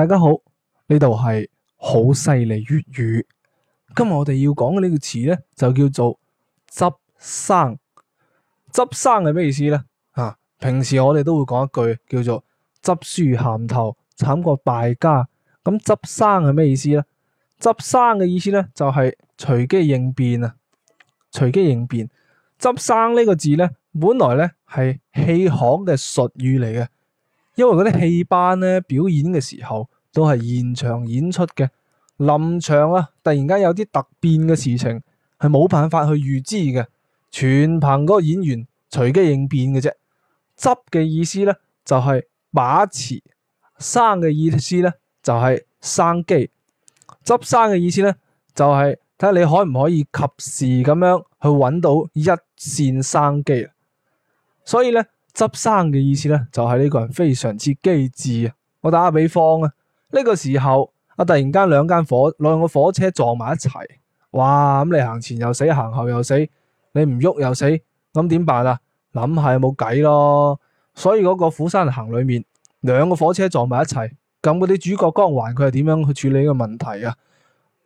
大家好，呢度係好犀利粵語。今日我哋要講嘅呢個詞呢，就叫做執生。執生係咩意思呢？啊，平時我哋都會講一句叫做執輸行頭，慘過敗家。咁執生係咩意思呢？執生嘅意思呢，就係隨機應變啊！隨機應變。執生呢個字呢，本來呢係戲行嘅術語嚟嘅，因為嗰啲戲班呢，表演嘅時候。都係現場演出嘅，臨場啊，突然間有啲突變嘅事情係冇辦法去預知嘅，全憑嗰個演員隨機應變嘅啫。執嘅意思呢，就係、是、把持，生嘅意思呢，就係、是、生機，執生嘅意思呢，就係睇下你可唔可以及時咁樣去揾到一綫生機。所以呢，執生嘅意思呢，就係、是、呢個人非常之機智啊！我打個比方啊。呢個時候，阿、啊、突然間兩間火兩個火車撞埋一齊，哇！咁、啊、你行前又死，行後又死，你唔喐又死，咁、啊、點辦啊？諗下冇計咯。所以嗰個釜山行裏面，兩個火車撞埋一齊，咁嗰啲主角光環佢係點樣去處理呢個問題啊？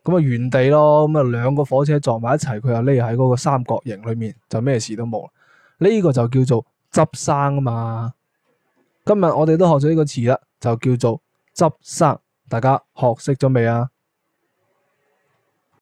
咁啊原地咯，咁啊兩個火車撞埋一齊，佢又匿喺嗰個三角形裏面，就咩事都冇。呢、這個就叫做執生啊嘛。今日我哋都學咗呢個詞啦，就叫做。執生，大家學識咗未啊？